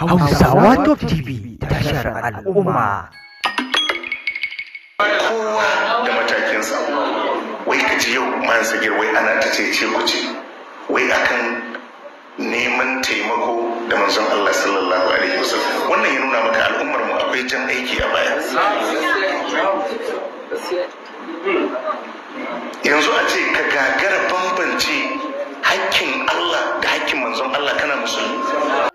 Hausawa Top TV tashar al'umma. Kowa da matakinsa, wai ka ji yau man sagir wai ana ta ce ce ku ce, wai akan neman taimako da manzon Allah sallallahu alaihi wasallam. Wannan ya nuna maka al'ummar mu akwai jan aiki a baya. Yanzu a ce ka gagara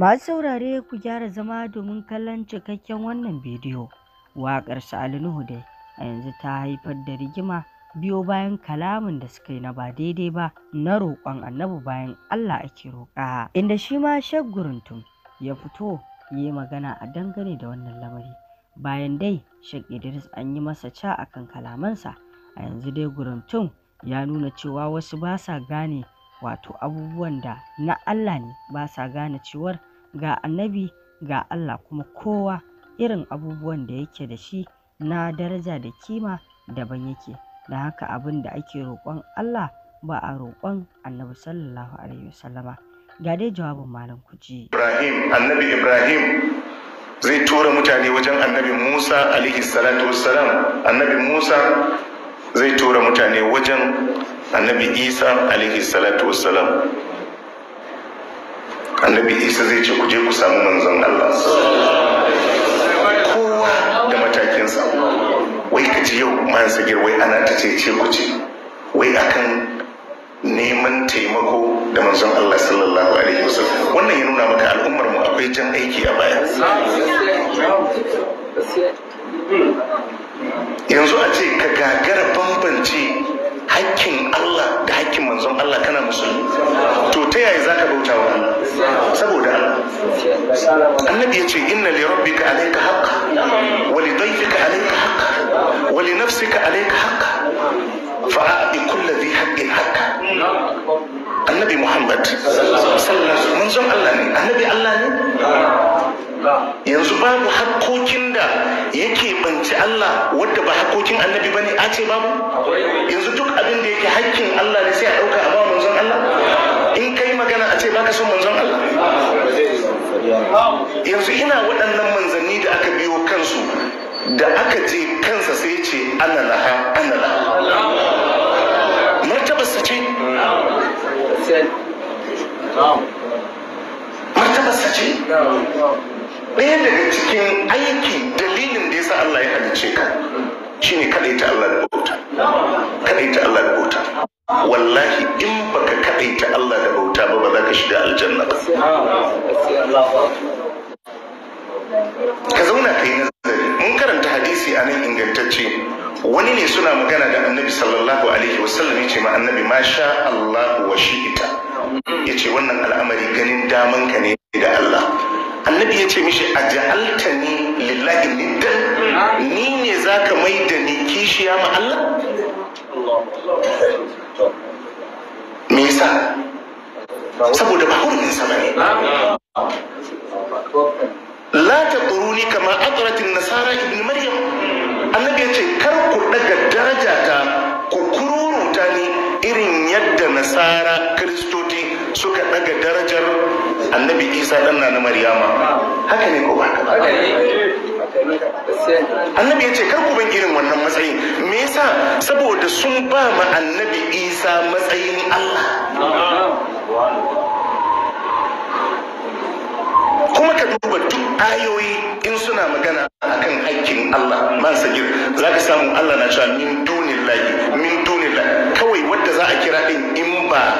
Masu saurare ku gyara zama domin kallon cikakken wannan bidiyo. Waƙar Sa'ali Nuhu dai a yanzu ta haifar da rigima biyo bayan kalamin da suka yi na ba daidai ba na roƙon annabi bayan Allah ake roƙa. Inda shi ma Guruntum ya fito ya yi magana a dangane da wannan lamari. Bayan dai Shek Idris an yi masa ca akan kalamansa a yanzu dai guruntun ya nuna cewa wasu ba sa gane wato abubuwan da na Allah ne ba sa gane cewar ga annabi ga Allah kuma kowa irin abubuwan da yake da shi na daraja da kima daban yake da haka abin da ake roƙon Allah ba a roƙon annabi sallallahu alaihi wasallama ga dai jawabin malam kuji Ibrahim annabi Ibrahim zai tura mutane wajen annabi Musa alaihi salatu wassalam annabi Musa zai tura mutane wajen annabi Isa alaihi salatu wassalam annabi isa zai ce ku je ku samu manzon allah kowa da matakinsa wai ka ji yau man sagir wai ana ta ce ce ku ce wai akan neman taimako da manzon allah sallallahu alaihi wasallam wannan ya nuna maka al'ummar mu akwai jan aiki a baya yanzu a ce ka gagara bambanci hakkin Allah da hakkin manzon Allah kana musulmi to ta yaya zaka bauta wa saboda Allah annabi ya ce inna li rabbika alayka haqqa wa li dayfika alayka haqqa wa li nafsika alayka haqqa fa'ati kulli dhi haqqin haqqa annabi Muhammad sallallahu alaihi wasallam manzon Allah ne annabi Allah ne yanzu babu hakokin da yake banci Allah wadda ba hakokin annabi bane a ce babu yanzu duk abin da yake hakkin Allah ne sai a dauka a ba manzon Allah in kai magana a ce baka son manzon Allah yanzu ina waɗannan manzanni da aka biyo kansu da aka je kansa sai ce ana laha ana laha martabarsa ce martabarsa ce ɗaya daga cikin aiki dalilin da ya sa Allah ya halice ka shine ta Allah da bauta ta Allah da bauta wallahi in baka ta Allah da bauta ba ba za ka shiga aljanna ba ka zauna ka yi nazari mun karanta hadisi a nan ingantacce wani ne suna magana da annabi sallallahu alaihi wasallam ya ce ma annabi masha Allah wa ita. ya ce wannan al'amari ganin daman ka ne da Allah annabi ya ce mishi a ni lillahi niddan ni ne za ka mai da ni kishiya ma Allah me yasa saboda ba hurumin sama ne la ta ni kama atratin nasara ibn maryam annabi ya ce kar ku daga daraja ta ku kururuta ni irin yadda nasara kiristoti suka daga darajar annabi isa ɗan na na maryama haka ne ko ba haka ba annabi ya ce kar ku ban irin wannan matsayin me yasa saboda sun ba ma annabi isa matsayin allah kuma ka duba duk ayoyi in suna magana akan haƙƙin allah man sagir za ka samu allah na cewa min dunillahi min dunillahi kawai wadda za a kira din in ba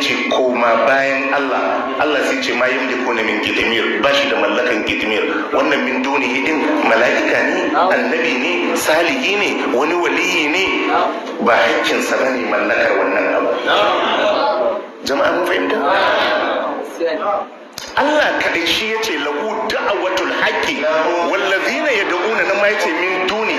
ce koma bayan Allah Allah zai ce ma yamliku na min gidimir ba shi da mallakan gidimir wannan min duni din mala'ika ne annabi ne salihi ne wani waliyi ne ba hakkin sa bane mallakar wannan abu jama'a mun fahimta Allah kaɗai shi yace ce lahu da'awatul haqqi wallazina yad'una nan ma yace min duni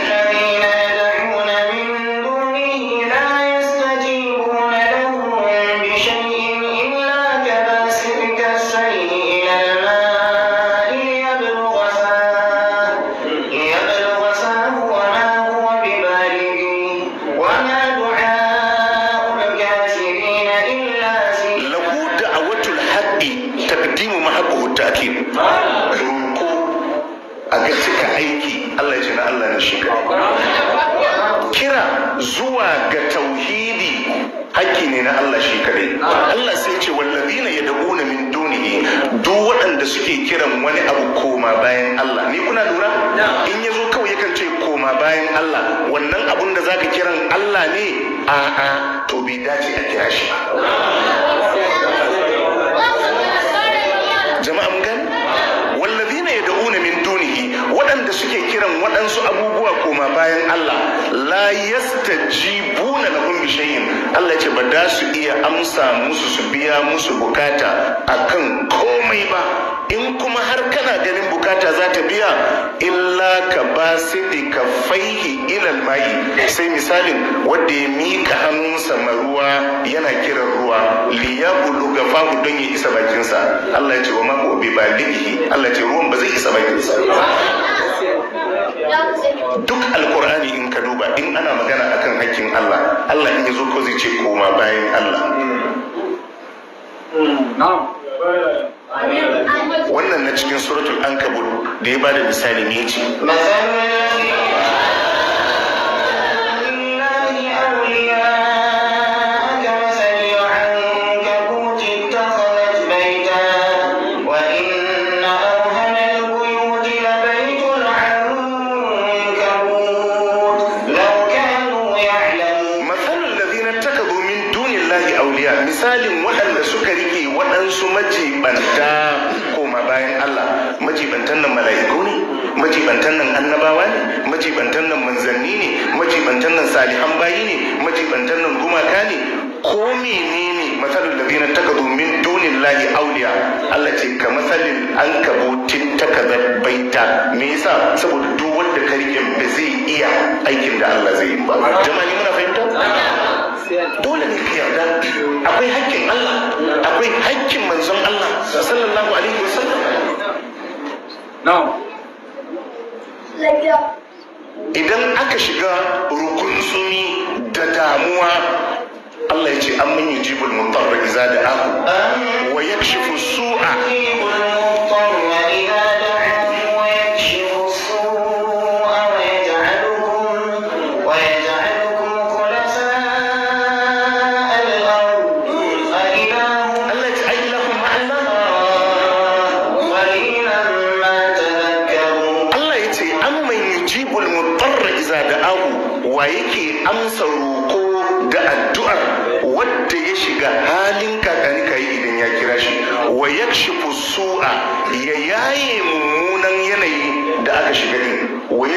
zuwa ga tauhidi hakki ne na Allah shi kadai Allah sai ce wallazina yad'una min dunihi duk waɗanda suke kiran wani abu koma bayan Allah ni kuna lura in yazo kawai yakan ce koma bayan Allah wannan abun da zaka kiran Allah ne a'a to bai dace a kira shi waɗanda suke kiran waɗansu abubuwa koma bayan Allah la buna na kun shay'in Allah ce ba da su iya amsa musu su biya musu bukata akan komai ba kuma har kana ganin bukata za ta biya illa ka ba sidi ka faihi ilal mai sai misalin wanda ya mika hannunsa ma ruwa yana kiran ruwa liya ga fahu don ya isa bakinsa Allah ce wa mako bi balihi Allah ce ruwan ba zai isa bakinsa duk alkur'ani in ka duba in ana magana akan hakkin Allah Allah in ya zo ko zai ce koma bayan Allah wannan na cikin suratul ankabut da ya bada misali ne ce majibantan nan mala'iku ne majibantan nan annabawa ne majibantan nan manzanni ne majibantan nan salihan bayi ne majibantan nan gumaka ne ko menene masalul ka domin min lahi auliya Allah ce ka masalin an ta ka baita me yasa saboda duk wanda ka rike ba zai iya aikin da Allah zai yi ba jama'a muna fahimta dole ne ka yarda akwai haƙƙin Allah akwai haƙƙin manzon Allah sallallahu alaihi Uh, idan aka shiga rukun sumi da damuwa Allah ya ce an mun yi jibul mutarra iza da aku wa yakshifu su'a su'a ya yaye mummunan yanayi da aka shiga din wa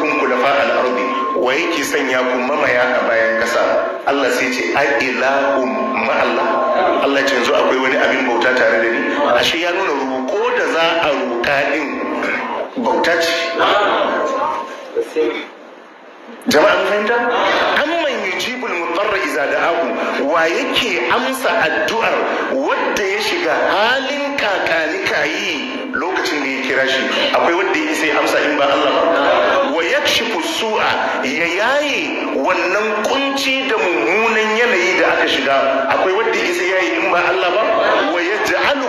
kun kula al a'rbi wa yake sanya ku mamaya a bayan kasa Allah sai ce a ila ma Allah Allah ce yanzu akwai wani abin bauta tare da ni ashe ya nuna ko da za a roƙa din bauta ce jama'an fahimta mara iza da aku wa yake amsa addu'ar wadda ya shiga halin kakani kayi lokacin da ya kira shi akwai wadda ya sai amsa in ba Allah ba wa yakshifu su'a ya yaye wannan kunci da mummunan yanayi da aka shiga akwai wadda ya sai yayi in ba Allah ba wa yaj'al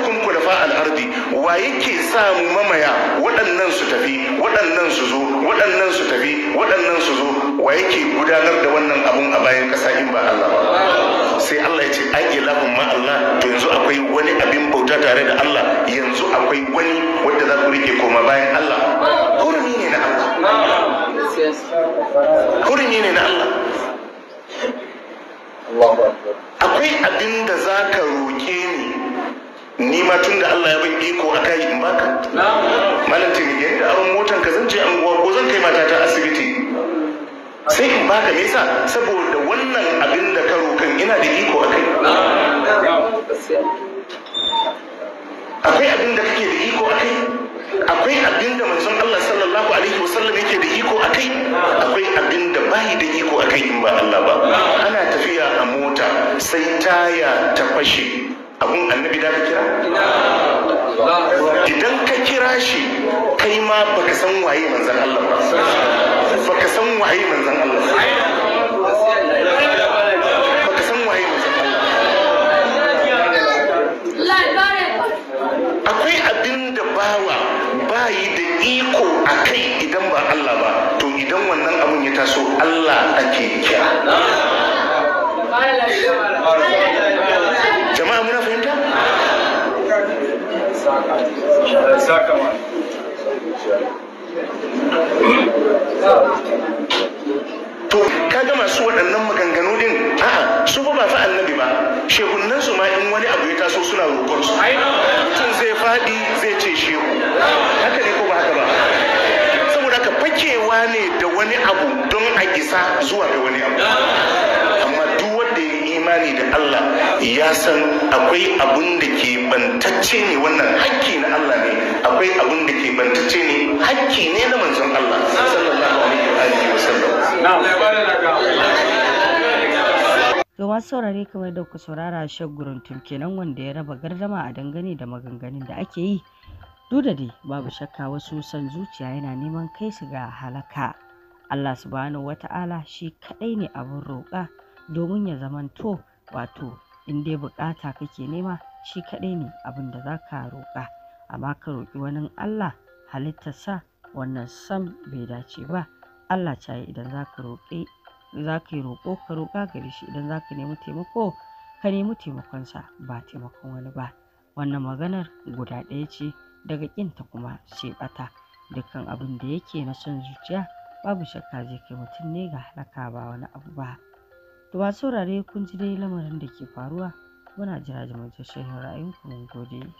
al wa yake sa mu mamaya waɗannan su tafi waɗannan su zo waɗannan su tafi waɗannan su zo wa yake gudanar da wannan abun a bayan ƙasa in ba Allah ba sai Allah ya ce ai lafin ma Allah to yanzu akwai wani abin bauta tare da Allah yanzu akwai wani wadda za ku rike koma bayan Allah hurumi ne na Allah hurumi ne na Allah akwai abin da za ka roƙe ni ni ma tun da Allah ya ban iko a kai in baka malam tuni yadda abin motan ka zan je anguwa ko zan kai mata ta asibiti sai in baka me yasa saboda wannan abin da ka rokan ina da iko a kai akwai abin da kake da iko a kai akwai abin da manzon Allah sallallahu alaihi sallam yake da iko a kai akwai abin da bai da iko a kai in ba Allah ba ana tafiya a mota sai taya ta fashe abun annabi da ka kira idan ka kira shi kai ma baka san waye manzan Allah ba baka san waye manzan Allah baka san waye manzan Allah akwai abin da bawa bayi da iko a kai idan ba Allah ba to idan wannan abun ya taso Allah ake kira saka ga to kaga masu waɗannan maganganu din a'a su ba fa annabi ba shekunan su ma in wani abu ya taso suna roƙon su mutum zai faɗi zai ce shehu haka ne ko ba haka ba saboda ka fakewa ne da wani abu don a isa zuwa da wani abu imani da Allah ya san akwai abun da ke bantacce ne wannan hakki na Allah ne akwai abun da ke bantacce ne hakki ne na manzon Allah sallallahu alaihi saurare kamar da ku saurara shagguruntun kenan wanda ya raba gardama a dangane da maganganun da ake yi duk da dai babu shakka wasu san zuciya yana neman kai su ga halaka Allah subhanahu wata'ala shi kadai ne abin roƙa domin ya zamanto wato in dai buƙata kake nema shi kaɗai ne abin da za ka roƙa amma ka roƙi wani Allah halittarsa wannan sam bai dace ba Allah ta yi idan za ka roƙo ka roƙa gare shi idan za ka nemi taimako ka nemi taimakonsa ba taimakon wani ba wannan maganar guda ɗaya ce daga ƙinta kuma sai ɓata dukkan abin da yake na son zuciya babu shakka zai kai mutum ne ga halaka ba wani abu ba. To ba saurare kun ji dai lamarin da ke faruwa muna jira jimantaccen ra'ayinku mun gode.